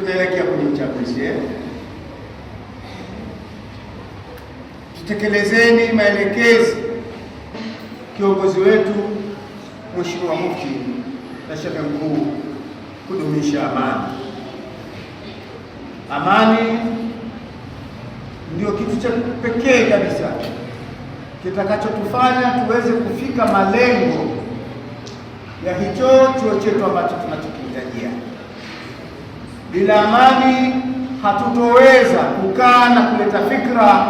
tunaelekea kwenye uchaguzi eh? Tutekelezeni maelekezo kiongozi wetu Mheshimiwa Mufti na Sheikh mkuu kudumisha amani. Amani ndio kitu cha pekee kabisa kitakachotufanya tuweze kufika malengo ya hicho chuo chetu ambacho tunachokihitajia. Bila amani hatutoweza kukaa na kuleta fikra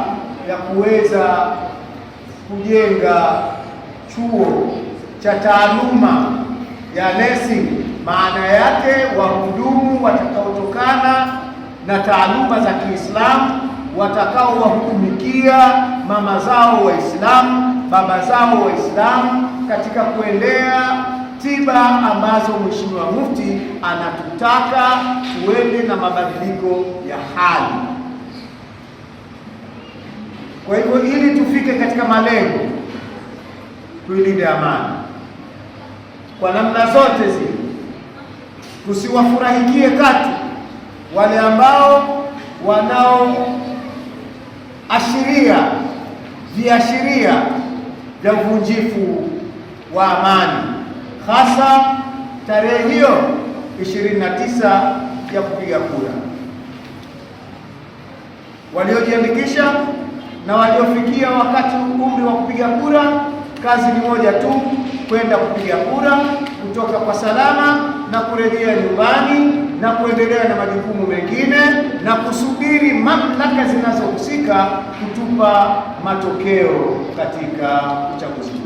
ya kuweza kujenga chuo cha taaluma ya nursing, maana yake wahudumu watakaotokana na taaluma za Kiislamu watakaowahudumikia mama zao Waislamu, baba zao Waislamu katika kuendea tiba ambazo Mheshimiwa Mufti anatutaka tuende na mabadiliko ya hali. Kwa hivyo, ili tufike katika malengo, tuilinde amani kwa namna zote zile, tusiwafurahikie katu wale ambao wanaoashiria viashiria vya uvunjifu wa amani hasa tarehe hiyo 29 ya kupiga kura. Waliojiandikisha na waliofikia wakati umri wa kupiga kura, kazi ni moja tu, kwenda kupiga kura, kutoka kwa salama na kurejea nyumbani na kuendelea na majukumu mengine na kusubiri mamlaka zinazohusika kutupa matokeo katika uchaguzi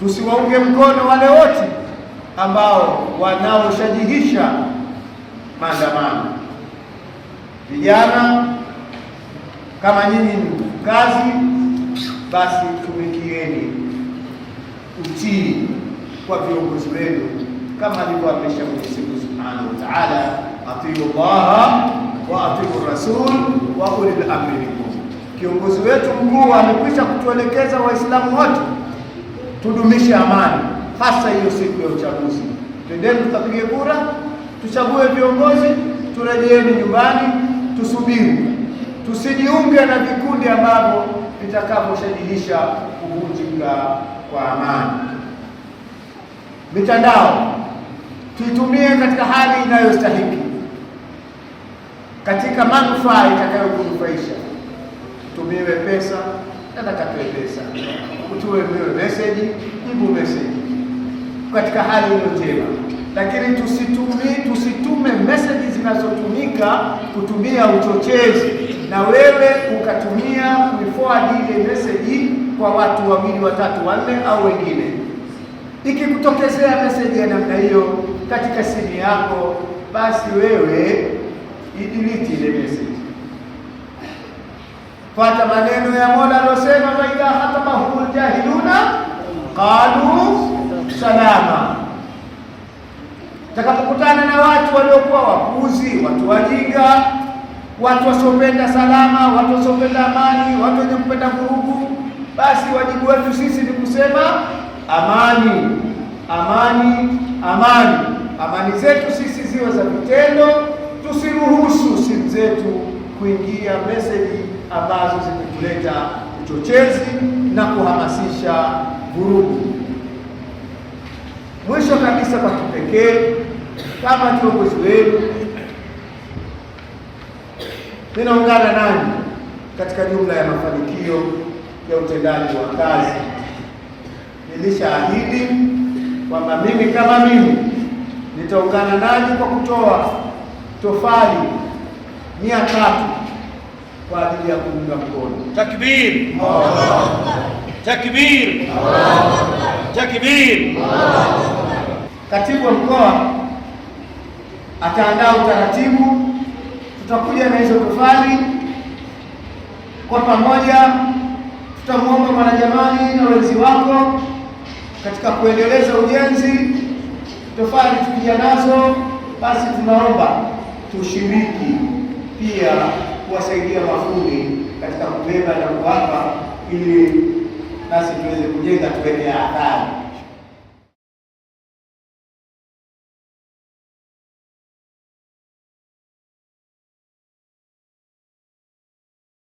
tusiwaunge mkono wale wote ambao wanaoshajihisha maandamano. Vijana kama nyinyi ni kazi, basi tumikieni utii kwa viongozi wenu kama alivyoamrisha Mwenyezi Mungu Subhanahu wa Ta'ala, atiu llaha wa atiu rasul wa ulil amri minkum. Kiongozi wetu mkuu amekwisha kutuelekeza Waislamu wote tudumishe amani, hasa hiyo siku ya uchaguzi. Twendeni tukapige kura, tuchague viongozi, turejeeni nyumbani, tusubiri, tusijiunge na vikundi ambavyo vitakavyoshajihisha kuvunjika kwa amani. Mitandao tuitumie katika hali inayostahiki, katika manufaa itakayokunufaisha. Tumiwe pesa Nataka katue pesa, utue meseji mbu meseji katika hali hiyo njema, lakini tusitume meseji zinazotumika kutumia uchochezi, na wewe ukatumia kuiforward ile meseji kwa watu wawili watatu wanne au wengine. Ikikutokezea meseji ya namna hiyo katika simu yako, basi wewe idiliti ile meseji Fata maneno ya Mola alosema, faidha hatamahumul jahiluna qalu salama. Takapokutana na watu waliokuwa wapuzi, watu wajinga, watu wasiopenda salama, watu wasiopenda amani, watu wenye kupenda vurugu, basi wajibu wetu sisi ni kusema amani, amani, amani. Amani zetu sisi ziwe za vitendo, tusiruhusu simu zetu kuingia meseji ambazo zimetuleta uchochezi na kuhamasisha vurugu. Mwisho kabisa, kwa kipekee, kama kiongozi wenu, ninaungana nanyi katika jumla ya mafanikio ya utendaji wa kazi. Nilishaahidi kwamba mimi kama mimi nitaungana nanyi kwa kutoa tofali mia tatu kwa ajili ya kuunga mkono. Takbir! Takbir! Takbir! Katibu wa mkoa ataandaa utaratibu, tutakuja na hizo tofali kwa pamoja, tutamwomba mwanajamani na wenzi wako katika kuendeleza ujenzi. Tofali tukija nazo, basi tunaomba tushiriki pia kuwasaidia mafundi katika kubeba na kuwapa, ili nasi tuweze kujenga, tuweke hatari.